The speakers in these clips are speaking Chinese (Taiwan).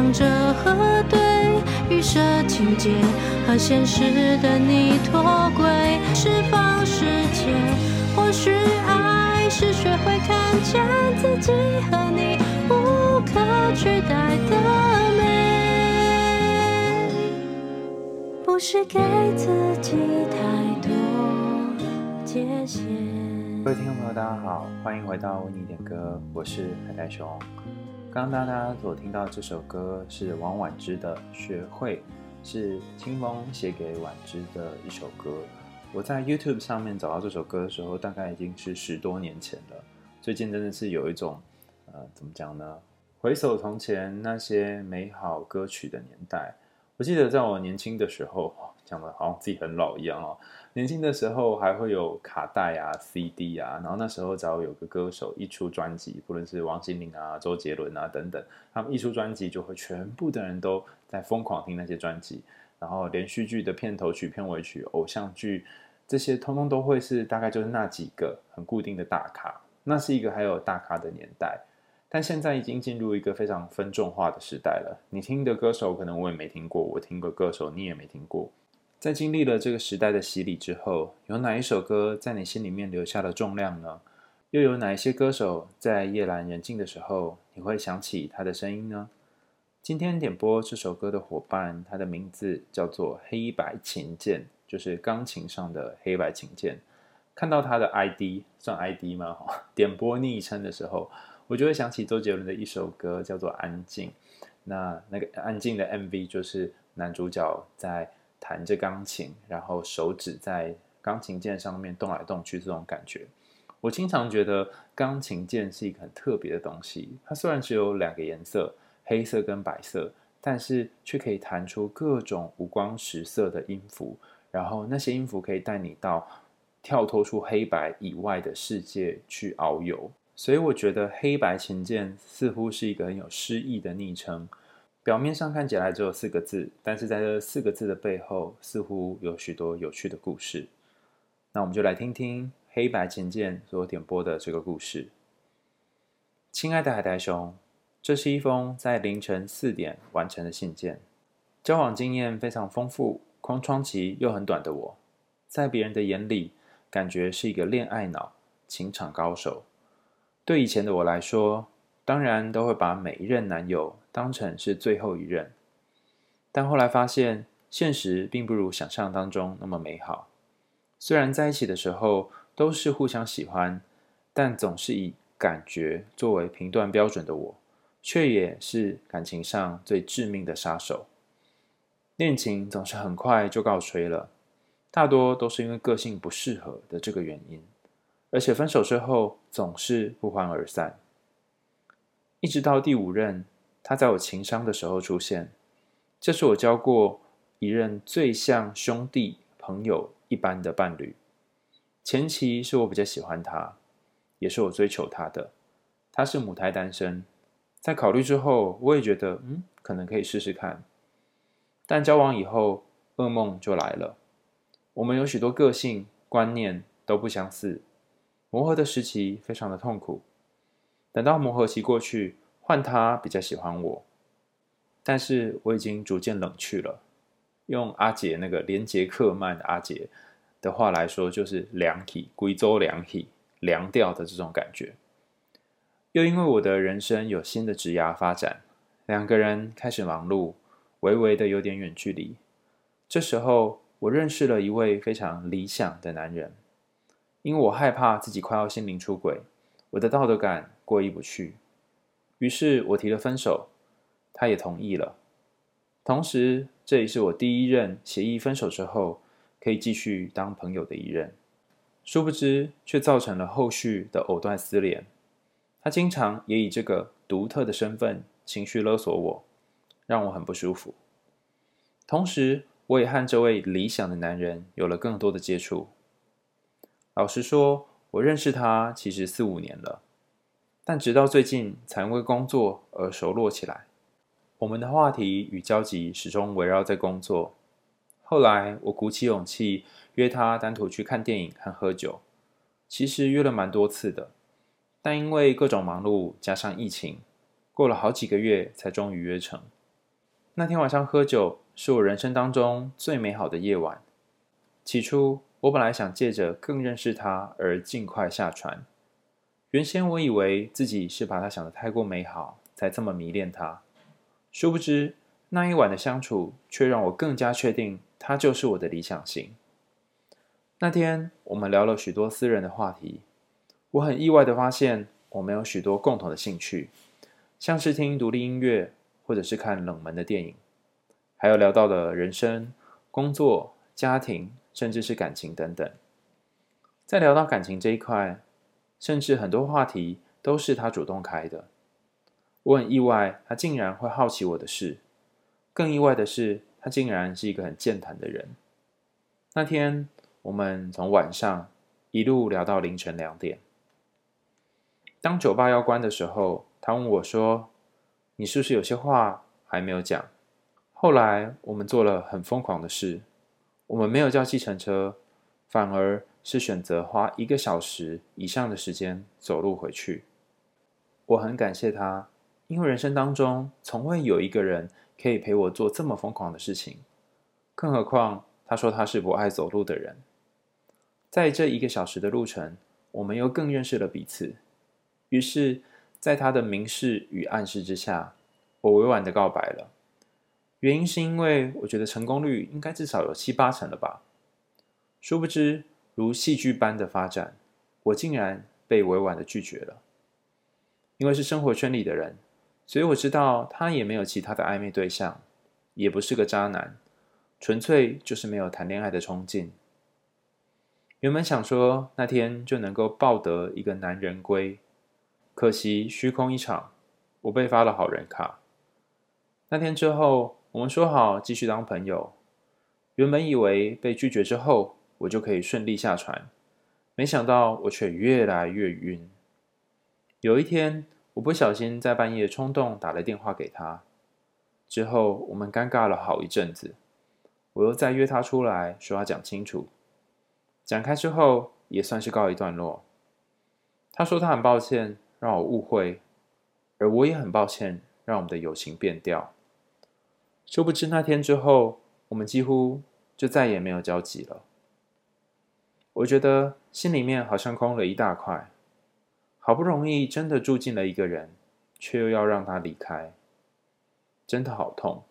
唱着核對預設情節和現實的你脫軌釋放世界，或許愛是學會看見自己和你無可取代的美，不是給自己太多界限。各位聽眾朋友大家好，歡迎回到為你點歌，我是海帶熊剛剛大家所聽到這首歌是王菀之的《學會》，是青峰寫給菀之的一首歌。我在 YouTube 上面找到這首歌的時候，大概已經是十多年前了。最近真的是有一種，呃，怎麼講呢？回首從前那些美好歌曲的年代，我記得在我年輕的時候。講的好像自己很老一樣哦。年輕的時候還會有卡帶啊、CD 啊，然後那時候只要有個歌手一出專輯，不論是王心凌啊、周杰倫啊等等，他們一出專輯就會全部的人都在瘋狂聽那些專輯。然後連續劇的片頭曲、片尾曲、偶像劇這些，通通都會是大概就是那幾個很固定的大咖。那是一個還有大咖的年代，但現在已經進入一個非常分眾化的時代了。你聽的歌手可能我也沒聽過，我聽的歌手你也沒聽過。在經歷了這個時代的洗禮之後，有哪一首歌在你心裡面留下了重量呢？又有哪一些歌手在夜闌人靜的時候，你會想起他的聲音呢？今天點播這首歌的伙伴，他的名字叫做黑白琴鍵，就是鋼琴上的黑白琴鍵。看到他的 ID，算 ID 嗎？ 點播昵稱的時候，我就會想起周杰倫的一首歌，叫做《安靜》。那那個《安靜》的 MV 就是男主角在。彈着鋼琴，然後手指在鋼琴鍵上面動來動去，這種感覺，我經常覺得鋼琴鍵是一個很特別的東西。它雖然只有兩個顏色，黑色跟白色，但是卻可以彈出各種五光十色的音符。然後那些音符可以帶你到跳脫出黑白以外的世界去遨遊。所以我覺得黑白琴鍵似乎是一個很有詩意的昵稱。表面上看起來只有四個字，但是在這四個字的背後，似乎有許多有趣的故事。那我們就來聽聽黑白琴鍵所點播的這個故事。親愛的海苔熊，這是一封在凌晨四點完成的信件。交往經驗非常豐富、空窗期又很短的我，在別人的眼裡，感覺是一個戀愛腦、情場高手。對以前的我來說，當然都會把每一任男友。當成是最後一任，但後來發現現實並不如想象當中那麼美好。雖然在一起的時候都是互相喜歡，但總是以感覺作為評斷標準的我，卻也是感情上最致命的殺手。戀情總是很快就告吹了，大多都是因為個性不適合的這個原因，而且分手之後總是不歡而散。一直到第五任。他在我情傷的時候出現，這是我交過一任最像兄弟朋友一般的伴侶。前期是我比較喜歡他，也是我追求他的。他是母胎單身，在考慮之後，我也覺得，嗯，可能可以試試看。但交往以後，噩夢就來了。我們有許多個性觀念都不相似，磨合的時期非常的痛苦。等到磨合期過去。換他比較喜歡我，但是我已經逐漸冷去了。用阿杰那個連傑克曼的阿杰的話來說，就是涼去、規組涼去、涼掉的這種感覺。又因為我的人生有新的職涯發展，兩個人開始忙碌，微微的有點遠距離。這時候，我認識了一位非常理想的男人。因為我害怕自己快要心靈出軌，我的道德感過意不去。於是我提了分手，他也同意了。同時，這也是我第一任協議分手之後可以繼續當朋友的一任。殊不知，卻造成了後續的藕斷絲連。他經常也以這個獨特的身份情緒勒索我，讓我很不舒服。同時，我也和這位理想的男人有了更多的接觸。老實說，我認識他其實四五年了。但直到最近才因為工作而熟絡起來，我們的話題與交集始終圍繞在工作。後來我鼓起勇氣約他單獨去看電影和喝酒，其實約了蠻多次的，但因為各種忙碌加上疫情，過了好幾個月才終於約成。那天晚上喝酒是我人生當中最美好的夜晚。起初我本來想借着更認識他而儘快下船。原先我以為自己是把他想得太過美好，才這麼迷戀他。殊不知那一晚的相處，卻讓我更加確定他就是我的理想型。那天我們聊了許多私人的話題，我很意外的發現，我們有許多共同的興趣，像是聽獨立音樂，或者是看冷門的電影，還有聊到了人生、工作、家庭，甚至是感情等等。在聊到感情這一塊，甚至很多話題都是他主動開的，我很意外，他竟然會好奇我的事。更意外的是，他竟然是一個很健談的人。那天我們從晚上一路聊到凌晨兩點。當酒吧要關的時候，他問我說：“你是不是有些話還沒有講？”後來我們做了很瘋狂的事，我們沒有叫計程車，反而……是選擇花一個小時以上的時間走路回去。我很感謝他，因為人生當中從未有一個人可以陪我做這麼瘋狂的事情。更何況他說他是不愛走路的人。在這一個小時的路程，我們又更認識了彼此。於是，在他的明示與暗示之下，我委婉地告白了。原因是因為我覺得成功率應該至少有七八成了吧。殊不知。如戲劇般的發展，我竟然被委婉的拒絕了。因為是生活圈裡的人，所以我知道他也沒有其他的曖昧對象，也不是個渣男，純粹就是沒有談戀愛的衝勁。原本想說那天就能夠抱得一個男人歸，可惜虛空一場，我被發了好人卡。那天之後，我們說好繼續當朋友。原本以為被拒絕之後，我就可以順利下船，沒想到我卻越來越暈。有一天，我不小心在半夜衝動打了電話給他，之後我們尷尬了好一陣子。我又再約他出來，說要講清楚。講開之後，也算是告一段落。他說他很抱歉讓我誤會，而我也很抱歉讓我們的友情變調。殊不知那天之後，我們幾乎就再也沒有交集了。我覺得心裡面好像空了一大塊，好不容易真的住進了一個人，卻又要讓他離開，真的好痛。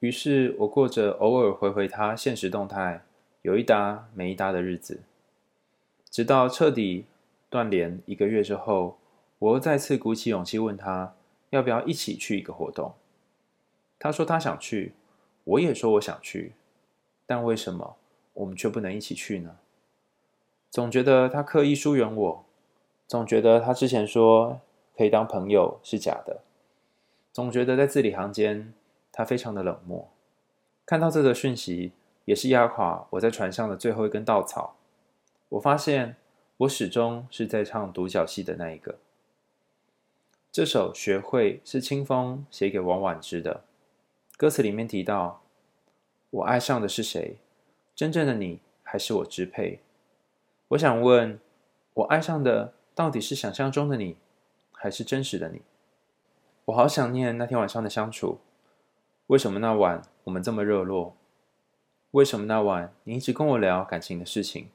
於是，我過着偶爾回回他限時動態，有一搭沒一搭的日子。直到徹底斷聯一個月之後，我又再次鼓起勇氣問他要不要一起去一個活動。他說他想去，我也說我想去，但為什麼我們卻不能一起去呢？總覺得他刻意疏遠我，總覺得他之前說可以當朋友是假的，總覺得在字裡行間他非常的冷漠。看到這則訊息，也是壓垮我在船上的最後一根稻草。我發現我始終是在唱獨角戲的那一個。這首《學會》是青峰寫給王菀之的，歌詞裡面提到：我愛上的是誰？真正的你還是我支配？我想問，我愛上的到底是想象中的你，還是真實的你？我好想念那天晚上的相處。為什麼那晚我們這麼熱絡？為什麼那晚你一直跟我聊感情的事情？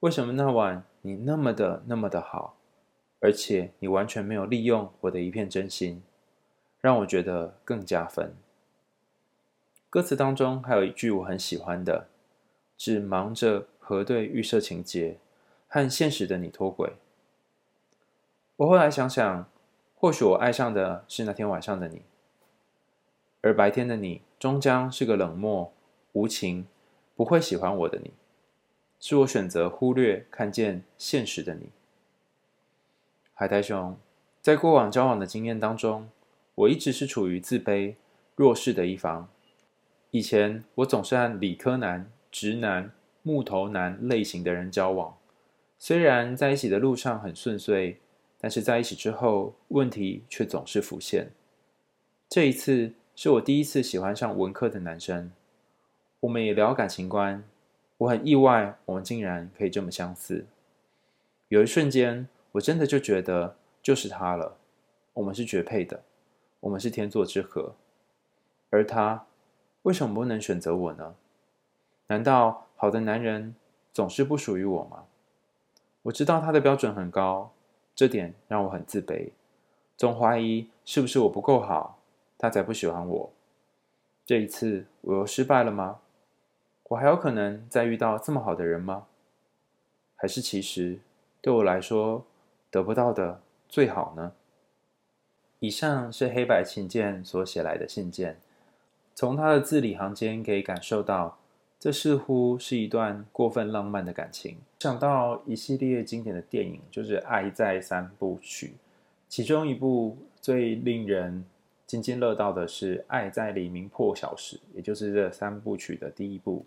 為什麼那晚你那麼的那麼的好，而且你完全沒有利用我的一片真心，讓我覺得更加分。歌詞當中還有一句我很喜歡的，只忙着。核對預設情節，和現實的你脫軌。我後來想想，或許我愛上的是那天晚上的你，而白天的你終將是個冷漠、無情、不會喜歡我的你。是我選擇忽略看見現實的你。海苔熊，在過往交往的經驗當中，我一直是處於自卑、弱勢的一方。以前我總是和理科男、直男、木頭男類型的人交往，雖然在一起的路上很順遂，但是在一起之後問題卻總是浮現。這一次是我第一次喜歡上文科的男生，我們也聊感情觀，我很意外我們竟然可以這麼相似。有一瞬間，我真的就覺得就是他了，我們是絕配的，我們是天作之合。而他為什麼不能選擇我呢？難道……好的男人總是不屬於我嗎？我知道他的標準很高，這點讓我很自卑，總懷疑是不是我不夠好，他才不喜歡我。這一次我又失敗了嗎？我還有可能再遇到這麼好的人嗎？還是其實對我來說得不到的最好呢？以上是黑白琴鍵所寫來的信件，從他的字裡行間可以感受到。這似乎是一段過分浪漫的感情。想到一系列經典的電影，就是《愛在三部曲》，其中一部最令人津津樂道的是《愛在黎明破曉時》，也就是這三部曲的第一部。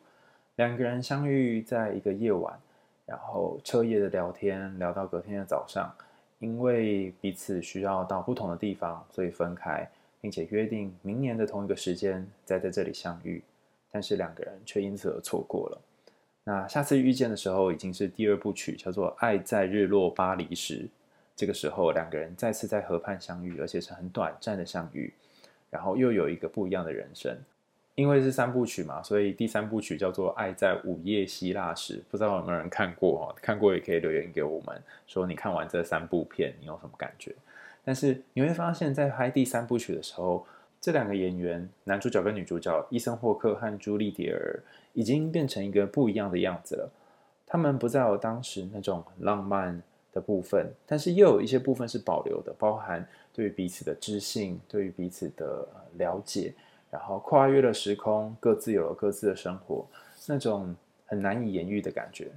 兩個人相遇在一個夜晚，然後徹夜的聊天，聊到隔天的早上。因為彼此需要到不同的地方，所以分開，並且約定明年的同一個時間再在，在這裡相遇。但是兩個人卻因此而錯過了。那下次遇見的時候已經是第二部曲，叫做《愛在日落巴黎時》。這個時候兩個人再次在河畔相遇，而且是很短暫的相遇，然後又有一個不一樣的人生。因為是三部曲嘛，所以第三部曲叫做《愛在午夜希臘時》。不知道有沒有人看過？看過也可以留言給我們，說你看完這三部片你有什麼感覺？但是你會發現，在拍第三部曲的時候，這兩個演員，男主角跟女主角伊森霍克和朱莉·迪爾，已經變成一個不一樣的樣子了。他們不再有當時那種很浪漫的部分，但是又有一些部分是保留的，包含對於彼此的知性、對於彼此的了解，然後跨越了時空，各自有了各自的生活，那種很難以言喻的感覺。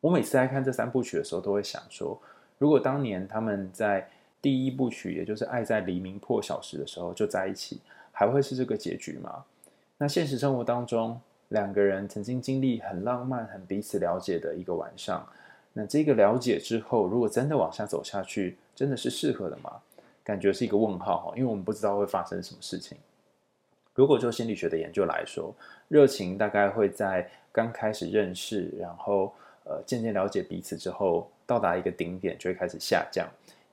我每次在看這三部曲的時候，都會想說，如果當年他們在。第一部曲，也就是愛在黎明破曉時的時候就在一起，還會是這個結局嗎？那現實生活當中，兩個人曾經經歷很浪漫、很彼此了解的一個晚上，那這個了解之後，如果真的往下走下去，真的是適合的嗎？感覺是一個問號哈，因為我們不知道會發生什麼事情。如果就心理學的研究來說，熱情大概會在剛開始認識，然後呃漸漸了解彼此之後，到達一個頂點，就會開始下降。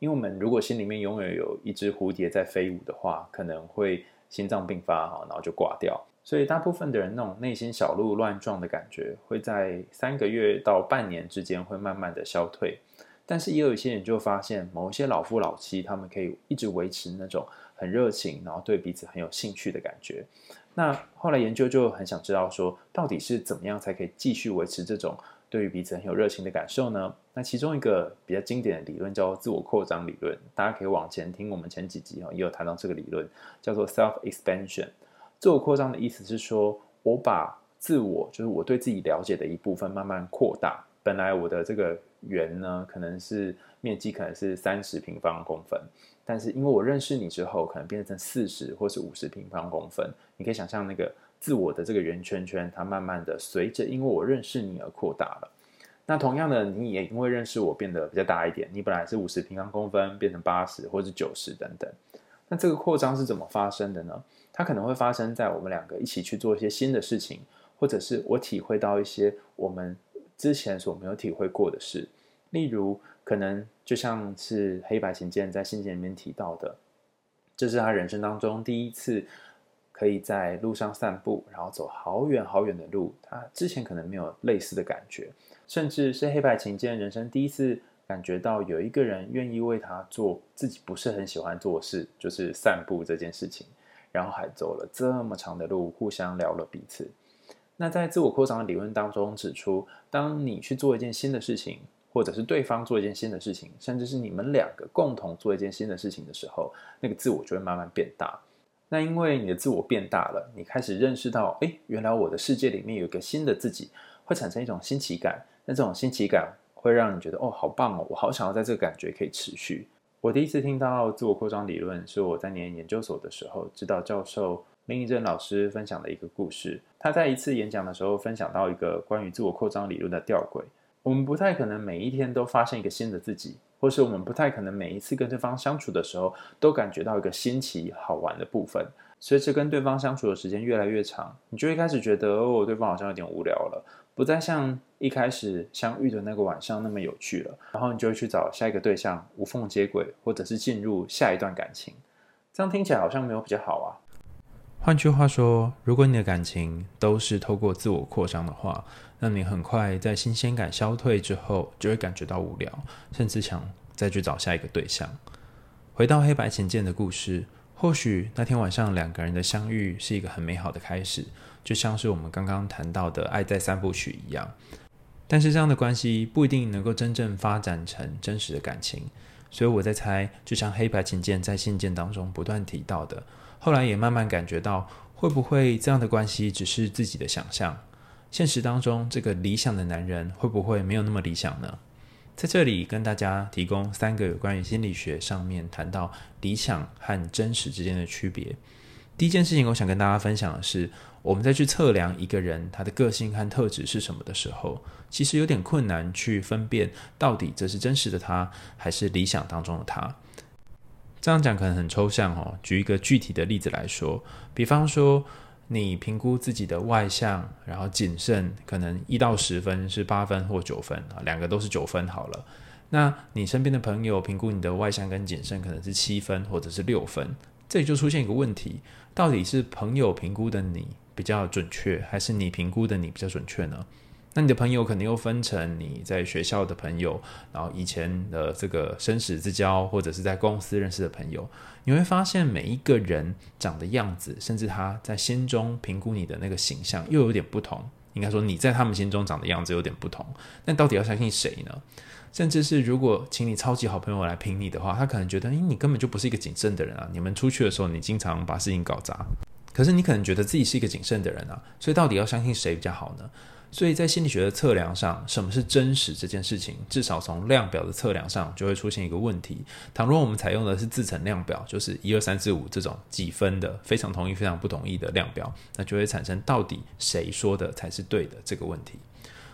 因為我們如果心裡面永遠有一隻蝴蝶在飛舞的話，可能會心臟病發哈，然後就掛掉。所以大部分的人那種內心小鹿亂撞的感覺，會在三個月到半年之間會慢慢的消退。但是也有一些人就發現，某一些老夫老妻，他們可以一直維持那種很熱情，然後對彼此很有興趣的感覺。那後來研究就很想知道說，到底是怎麼樣才可以繼續維持這種？對於彼此很有熱情的感受呢？那其中一個比較經典的理論叫做自我擴張理論，大家可以往前聽我們前幾集哈，也有談到這個理論叫做 self-expansion。自我擴張的意思是說，我把自我，就是我對自己了解的一部分，慢慢擴大。本來我的這個圓呢，可能是面積可能是三十平方公分，但是因為我認識你之後，可能變成四十或是五十平方公分。你可以想象那個。自我的這個圓圈圈，它慢慢的隨着因為我認識你而擴大了。那同樣的，你也因為認識我變得比較大一點。你本來是五十平方公分，變成八十或者九十等等。那這個擴張是怎麼發生的呢？它可能會發生在我們兩個一起去做一些新的事情，或者是我體會到一些我們之前所沒有體會過的事。例如，可能就像是黑白琴鍵在信件裡面提到的，這、就是他人生當中第一次。可以在路上散步，然後走好遠好遠的路。他之前可能沒有類似的感覺，甚至是黑白琴鍵人生第一次感覺到有一個人願意為他做自己不是很喜歡做的事，就是散步這件事情，然後還走了這麼長的路，互相聊了彼此。那在自我擴張的理論當中指出，當你去做一件新的事情，或者是對方做一件新的事情，甚至是你們兩個共同做一件新的事情的時候，那個自我就會慢慢變大。那因為你的自我變大了，你開始認識到，哎，原來我的世界裡面有一個新的自己，會產生一種新奇感。那這種新奇感會讓你覺得，哦，好棒哦，我好想要在這個感覺可以持續。我第一次聽到自我擴張理論是我在年研究所的時候，指導教授林以正老師分享的一個故事。他在一次演講的時候分享到一個關於自我擴張理論的吊詭：我們不太可能每一天都發現一個新的自己。或是我們不太可能每一次跟對方相處的時候都感覺到一個新奇好玩的部分，隨着跟對方相處的時間越來越長，你就會開始覺得哦，對方好像有點無聊了，不再像一開始相遇的那個晚上那麼有趣了，然後你就會去找下一個對象無縫接軌，或者是進入下一段感情，這樣聽起來好像沒有比較好啊。換句話說，如果你的感情都是透過自我擴張的話，那你很快在新鮮感消退之後，就會感覺到無聊，甚至想再去找下一個對象。回到黑白琴鍵的故事，或許那天晚上兩個人的相遇是一個很美好的開始，就像是我們剛剛談到的“愛在三部曲”一樣。但是這樣的關係不一定能夠真正發展成真實的感情，所以我在猜，就像黑白琴鍵在信件當中不斷提到的。後來也慢慢感覺到，會不會這樣的關係只是自己的想象？現實當中，這個理想的男人會不會沒有那麼理想呢？在這裡跟大家提供三個有關於心理學上面談到理想和真實之間的區別。第一件事情，我想跟大家分享的是，我們在去測量一個人他的個性和特質是什麼的時候，其實有點困難去分辨到底這是真實的他，還是理想當中的他。這樣講可能很抽象哦，舉一個具體的例子來說，比方說你評估自己的外向，然後謹慎，可能一到十分是八分或九分啊，兩個都是九分好了。那你身邊的朋友評估你的外向跟謹慎可能是七分或者是六分，這裡就出現一個問題，到底是朋友評估的你比較準確，還是你評估的你比較準確呢？那你的朋友可能又分成你在學校的朋友，然後以前的這個生死之交，或者是在公司認識的朋友，你會發現每一個人長的樣子，甚至他在心中評估你的那個形象又有點不同。應該說你在他們心中長的樣子有點不同。那到底要相信誰呢？甚至是如果請你超級好朋友來評你的話，他可能覺得，誒，你根本就不是一個謹慎的人啊。你們出去的時候，你經常把事情搞砸。可是你可能覺得自己是一個謹慎的人啊。所以到底要相信誰比較好呢？所以在心理學的測量上，什麼是真實這件事情，至少從量表的測量上就會出現一個問題。倘若我們採用的是自陳量表，就是一二三四五這種幾分的非常同意、非常不同意的量表，那就會產生到底誰說的才是對的這個問題。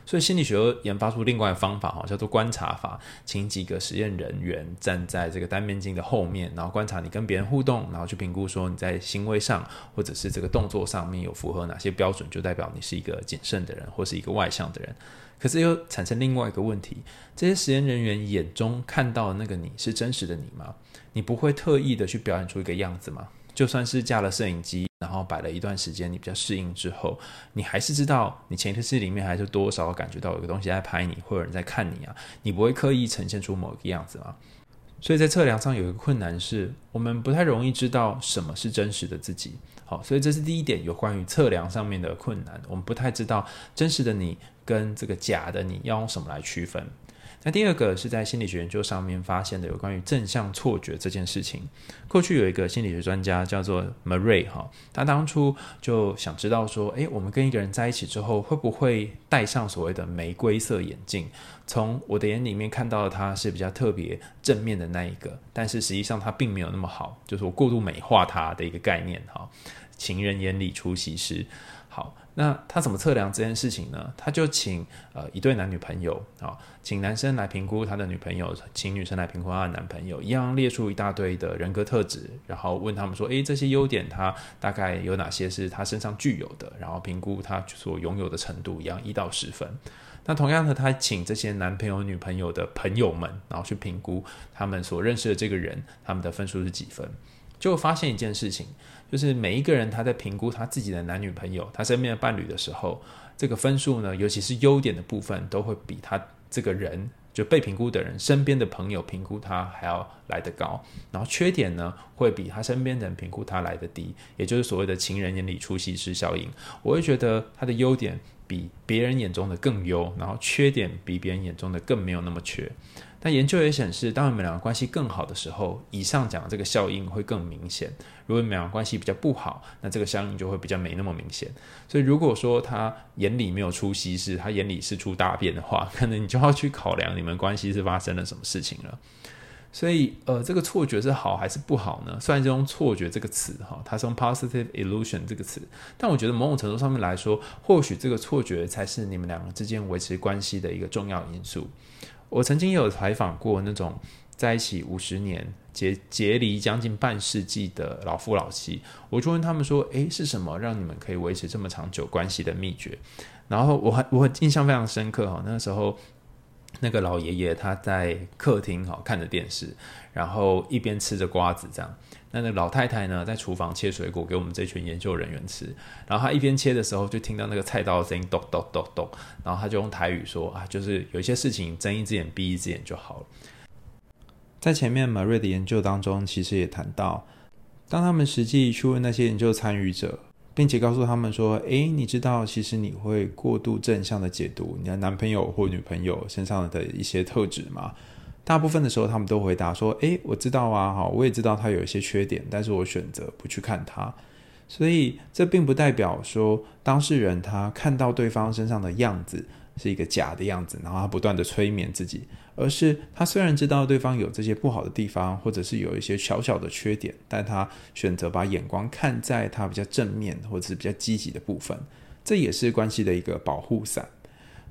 所以心理學又研發出另外的方法哈，叫做觀察法，請幾個實驗人員站在這個單面鏡的後面，然後觀察你跟別人互動，然後去評估說你在行為上或者是這個動作上面有符合哪些標準，就代表你是一個謹慎的人或是一個外向的人。可是又產生另外一個問題：這些實驗人員眼中看到的那個你是真實的你嗎？你不會特意的去表演出一個樣子嗎？就算是架了攝影機。然後擺了一段時間，你比較適應之後，你還是知道你潛意識裡面還是多少感覺到有個東西在拍你，或者有人在看你啊，你不會刻意呈現出某一個樣子啊。所以在測量上有一個困難是，我們不太容易知道什麼是真實的自己。好，所以這是第一點，有關於測量上面的困難，我們不太知道真實的你跟這個假的你要用什麼來區分。那第二個是在心理學研究上面發現的，有關於正向錯覺這件事情。過去有一個心理學專家叫做 Murray 哈，他當初就想知道說，誒、欸，我們跟一個人在一起之後，會不會戴上所謂的玫瑰色眼鏡，從我的眼裡面看到他是比較特別正面的那一個，但是實際上他並沒有那麼好，就是我過度美化他的一個概念哈。情人眼裡出西施。好，那他怎麼測量這件事情呢？他就請呃一對男女朋友啊、喔，請男生來評估他的女朋友，請女生來評估他的男朋友，一樣列出一大堆的人格特質，然後問他們說：“誒、欸，這些優點他大概有哪些是他身上具有的？”然後評估他所擁有的程度，一樣一到十分。那同樣的，他請這些男朋友、女朋友的朋友們，然後去評估他們所認識的這個人，他們的分數是幾分，就發現一件事情。就是每一個人他在評估他自己的男女朋友、他身邊的伴侶的時候，這個分數呢，尤其是優點的部分，都會比他這個人就被評估的人身邊的朋友評估他還要來得高，然後缺點呢，會比他身邊的人評估他來得低，也就是所謂的情人眼裡出西施效應。我會覺得他的優點比別人眼中的更優，然後缺點比別人眼中的更沒有那麼缺。但研究也顯示，當你們兩個關係更好的時候，以上講的這個效應會更明顯。如果你們兩個關係比較不好，那這個效應就會比較沒那麼明顯。所以，如果說他眼裡沒有出西施，他眼裡是出大便的話，可能你就要去考量你們關係是發生了什麼事情了。所以，呃，這個錯覺是好還是不好呢？雖然是用“錯覺”這個詞，哈，它是用 “positive illusion” 這個詞，但我覺得某種程度上面來說，或許這個錯覺才是你們兩個之間維持關係的一個重要因素。我曾經有採訪過那種在一起五十年、結結離將近半世紀的老夫老妻，我就問他們說：“誒、欸，是什麼讓你們可以維持這麼長久關係的秘訣？”然後我我印象非常深刻哈，那個時候那個老爺爺他在客廳哈看着電視，然後一邊吃着瓜子這樣。那個老太太呢，在廚房切水果給我們這群研究人員吃。然後她一邊切的時候，就聽到那個菜刀的聲音，咚咚咚咚咚。然後她就用台語說：“啊，就是有一些事情睜一隻眼閉一隻眼就好了。”在前面 Marie 的研究當中，其實也談到，當他們實際去問那些研究參與者，並且告訴他們說：“欸，你知道，其實你會過度正向的解讀你的男朋友或女朋友身上的一些特質嗎？”大部分的時候，他們都回答說：“誒、欸，我知道啊，哈，我也知道他有一些缺點，但是我選擇不去看他。所以這並不代表說當事人他看到對方身上的樣子是一個假的樣子，然後他不斷的催眠自己，而是他雖然知道對方有這些不好的地方，或者是有一些小小的缺點，但他選擇把眼光看在他比較正面或者是比較積極的部分，這也是關係的一個保護傘。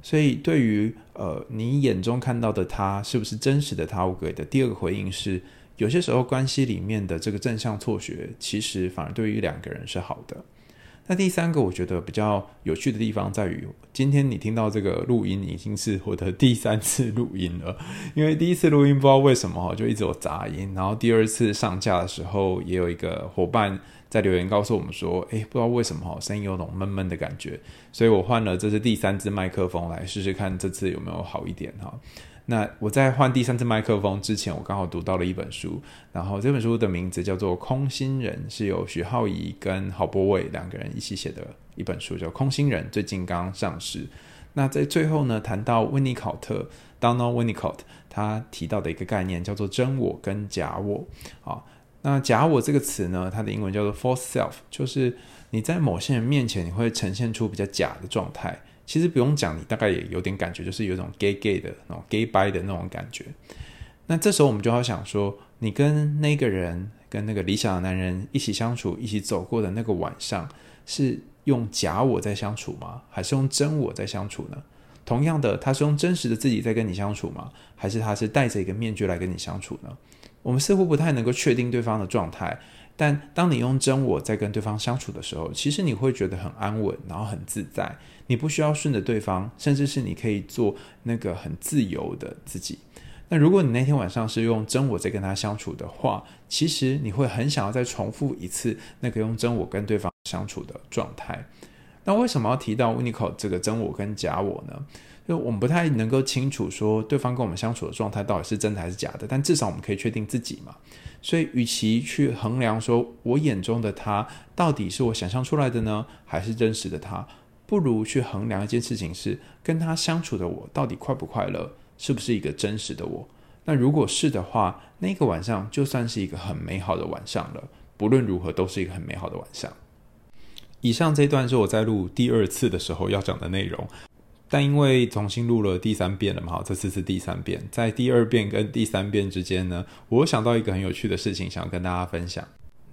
所以對於……呃，你眼中看到的他是不是真實的他，我給的第二個回應是，有些時候關係裡面的這個正向錯覺，其實反而對於兩個人是好的。那第三個，我覺得比較有趣的地方在於，今天你聽到這個錄音，已經是我的第三次錄音了。因為第一次錄音不知道為什麼就一直有雜音，然後第二次上架的時候也有一個夥伴。在留言告訴我們說：“哎、欸，不知道為什麼好聲音有種悶悶的感覺，所以我換了這支第三支麥克風來試試看，這次有沒有好一點哈？那我在換第三支麥克風之前，我剛好讀到了一本書，然後這本書的名字叫做《空心人》，是由許皓宜跟郝柏瑋兩個人一起寫的一本書，叫《空心人》，最近剛上市。那在最後呢，談到溫尼考特 （Donald Winnicott），他提到的一個概念叫做‘真我’跟‘假我’啊。”那假我這個詞呢，它的英文叫做 false self，就是你在某些人面前，你會呈現出比較假的狀態。其實不用講，你大概也有點感覺，就是有種 gay gay 的那種 gay by 的那種感覺。那這時候我們就要想說，你跟那個人，跟那個理想的男人一起相處，一起走過的那個晚上，是用假我在相處嗎？還是用真我在相處呢？同樣的，他是用真實的自己在跟你相處嗎？還是他是戴着一個面具來跟你相處呢？我們似乎不太能夠確定對方的狀態，但當你用真我在跟對方相處的時候，其實你會覺得很安穩，然後很自在，你不需要順着對方，甚至是你可以做那個很自由的自己。那如果你那天晚上是用真我在跟他相處的話，其實你會很想要再重複一次那個用真我跟對方相處的狀態。那為什麼要提到溫尼考特這個真我跟假我呢？就我們不太能夠清楚說對方跟我們相處的狀態到底是真的還是假的，但至少我們可以確定自己嘛。所以，與其去衡量說我眼中的他到底是我想象出來的呢，還是真實的他，不如去衡量一件事情：是跟他相處的我到底快不快樂，是不是一個真實的我？那如果是的話，那個晚上就算是一個很美好的晚上了。不論如何，都是一個很美好的晚上。以上這段是我在錄第二次的時候要講的內容。但因為重新錄了第三遍了嘛，好，這次是第三遍，在第二遍跟第三遍之間呢，我想到一個很有趣的事情，想跟大家分享。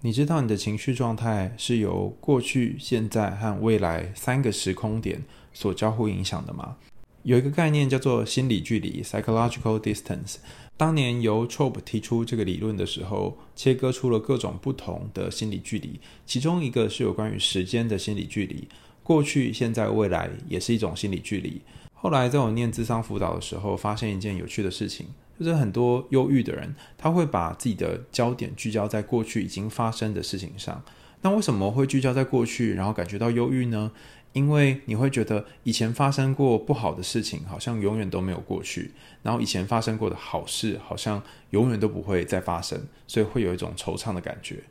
你知道你的情緒狀態是由過去、現在和未來三個時空點所交互影響的嗎？有一個概念叫做心理距離 （psychological distance）。當年由 Trope 提出這個理論的時候，切割出了各種不同的心理距離，其中一個是有關於時間的心理距離。過去、現在、未來也是一種心理距離。後來在我念諮商輔導的時候，發現一件有趣的事情，就是很多憂鬱的人，他會把自己的焦點聚焦在過去已經發生的事情上。那為什麼會聚焦在過去，然後感覺到憂鬱呢？因為你會覺得以前發生過不好的事情，好像永遠都沒有過去；然後以前發生過的好事，好像永遠都不會再發生，所以會有一種惆悵的感覺。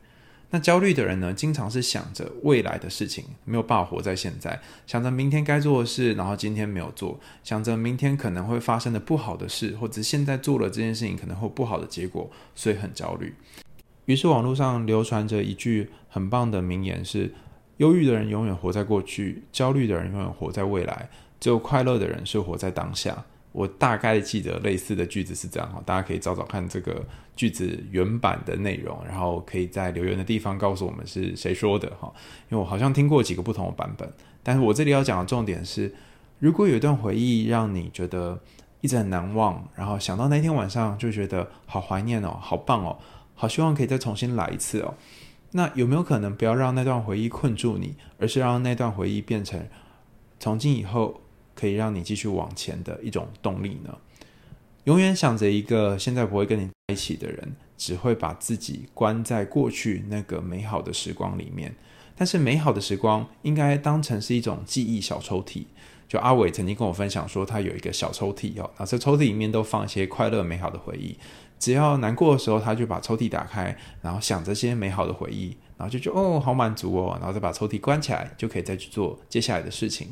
那焦慮的人呢，經常是想着未來的事情，沒有辦法活在現在，想着明天該做的事，然後今天沒有做，想着明天可能會發生的不好的事，或者現在做了這件事情可能會有不好的結果，所以很焦慮。於是網絡上流傳着一句很棒的名言是：憂鬱的人永遠活在過去，焦慮的人永遠活在未來，只有快樂的人是活在當下。我大概記得類似的句子是這樣哈，大家可以找找看這個句子原版的內容，然後可以在留言的地方告訴我們是誰說的哈，因為我好像聽過幾個不同的版本。但是我這裡要講的重點是，如果有一段回憶讓你覺得一直很難忘，然後想到那天晚上就覺得好懷念哦，好棒哦，好希望可以再重新來一次哦。那有沒有可能不要讓那段回憶困住你，而是讓那段回憶變成從今以後，可以讓你繼續往前的一種動力呢。永遠想着一個現在不會跟你在一起的人，只會把自己關在過去那個美好的時光裡面。但是，美好的時光應該當成是一種記憶小抽屜。就阿偉曾經跟我分享說，他有一個小抽屜哦、喔，然後在抽屜裡面都放一些快樂美好的回憶。只要難過的時候，他就把抽屜打開，然後想着些美好的回憶，然後就覺哦，好滿足哦、喔，然後再把抽屜關起來，就可以再去做接下來的事情。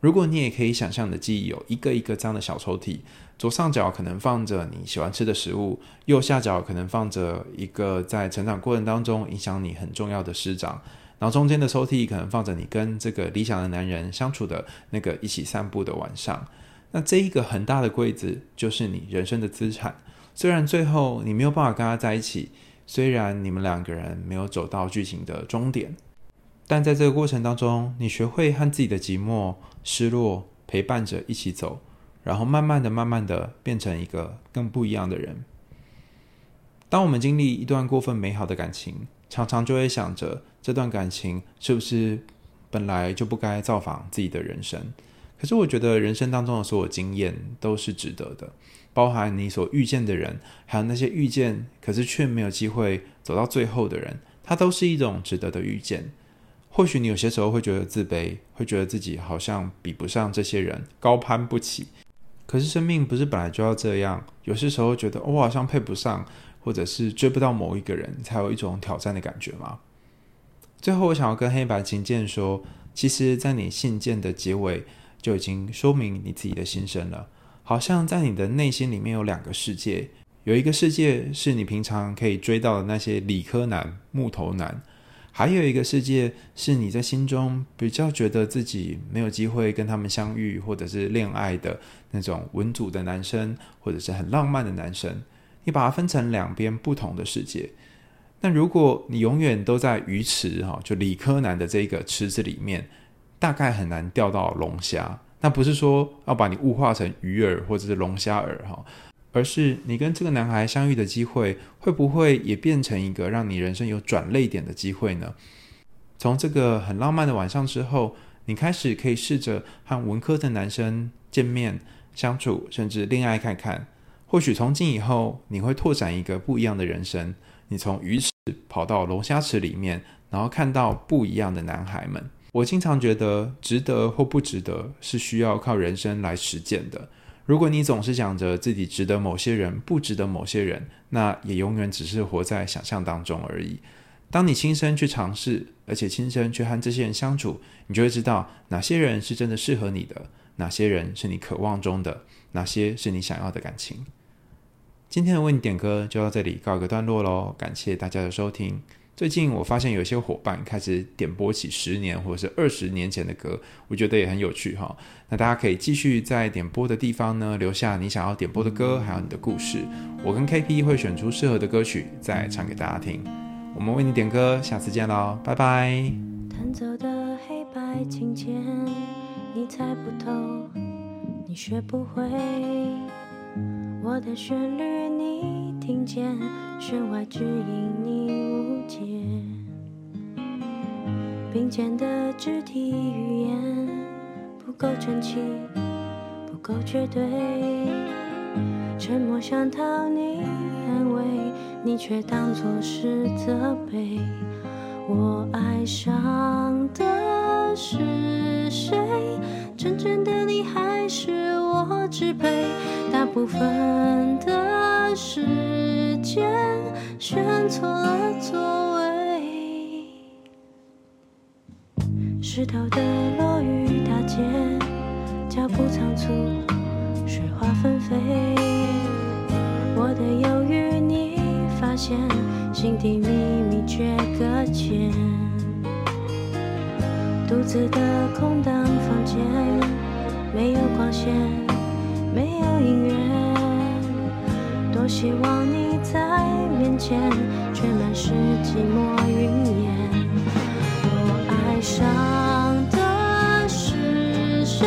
如果你也可以想象你的記憶有一個一個這樣的小抽屜，左上角可能放着你喜歡吃的食物，右下角可能放着一個在成長過程當中影響你很重要的師長，然後中間的抽屜可能放着你跟這個理想的男人相處的那個一起散步的晚上。那這一個很大的櫃子就是你人生的資產。雖然最後你沒有辦法跟他在一起，雖然你們兩個人沒有走到劇情的終點，但在這個過程當中，你學會和自己的寂寞失落，陪伴着一起走，然後慢慢的、慢慢的變成一個更不一樣的人。當我們經歷一段過分美好的感情，常常就會想着這段感情是不是本來就不該造訪自己的人生。可是我覺得人生當中的所有經驗都是值得的，包含你所遇見的人，還有那些遇見，可是卻沒有機會走到最後的人，他都是一種值得的遇見。或許你有些時候會覺得自卑，會覺得自己好像比不上這些人，高攀不起。可是生命不是本來就要這樣，有些時候覺得，哦，我好像配不上，或者是追不到某一個人，才有一種挑戰的感覺嗎？最後，我想要跟黑白琴鍵說，其實，在你信件的結尾就已經說明你自己的心聲了。好像在你的內心裡面有兩個世界，有一個世界是你平常可以追到的那些理科男、木頭男。還有一個世界是你在心中比較覺得自己沒有機會跟他們相遇或者是戀愛的那種文組的男生，或者是很浪漫的男生，你把它分成兩邊不同的世界。那如果你永遠都在魚池哈，就理科男的這一個池子裡面，大概很難釣到龍蝦。那不是說要把你物化成魚餌或者是龍蝦餌哈。而是你跟這個男孩相遇的機會，會不會也變成一個讓你人生有轉捩點的機會呢？從這個很浪漫的晚上之後，你開始可以試着和文科的男生見面、相處，甚至戀愛看看。或許從今以後，你會拓展一個不一樣的人生。你從魚池跑到龍蝦池裡面，然後看到不一樣的男孩們。我經常覺得，值得或不值得，是需要靠人生來實踐的。如果你總是想着自己值得某些人，不值得某些人，那也永遠只是活在想象當中而已。當你親身去嘗試，而且親身去和這些人相處，你就會知道哪些人是真的適合你的，哪些人是你渴望中的，哪些是你想要的感情。今天的為你點歌就到這裡告一個段落嘍，感謝大家的收聽。最近我發現有些夥伴開始點播起十年或者是二十年前的歌，我覺得也很有趣哈、哦。那大家可以繼續在點播的地方呢，留下你想要點播的歌，還有你的故事。我跟 KP 會選出適合的歌曲再唱給大家聽。我們為你點歌，下次見嘍，拜拜。並肩的肢體語言不夠整齊，不夠絕對。沉默想討你安慰，你卻當做是責備。我愛上的是誰？真正的你還是我支配？大部分的。時間選錯了座位，石頭的落雨大街，腳步倉促，水花紛飛。我的猶豫你發現，心底秘密卻擱淺。獨自的空蕩房間，沒有光線，沒有音樂。希望你在面前，卻滿是寂寞雲煙。我愛上的是誰？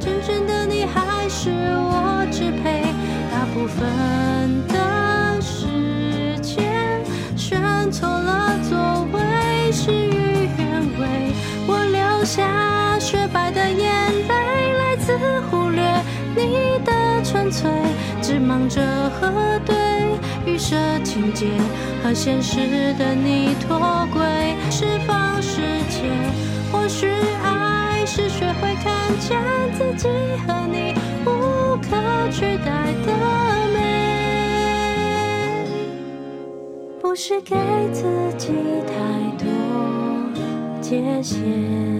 真正的你還是我支配？大部分的時間選錯了座位，事與願違。我留下。最只忙着核對預設情節，和現實的你脫軌，釋放世界。或許愛是學會看見自己和你無可取代的美，不是給自己太多界限。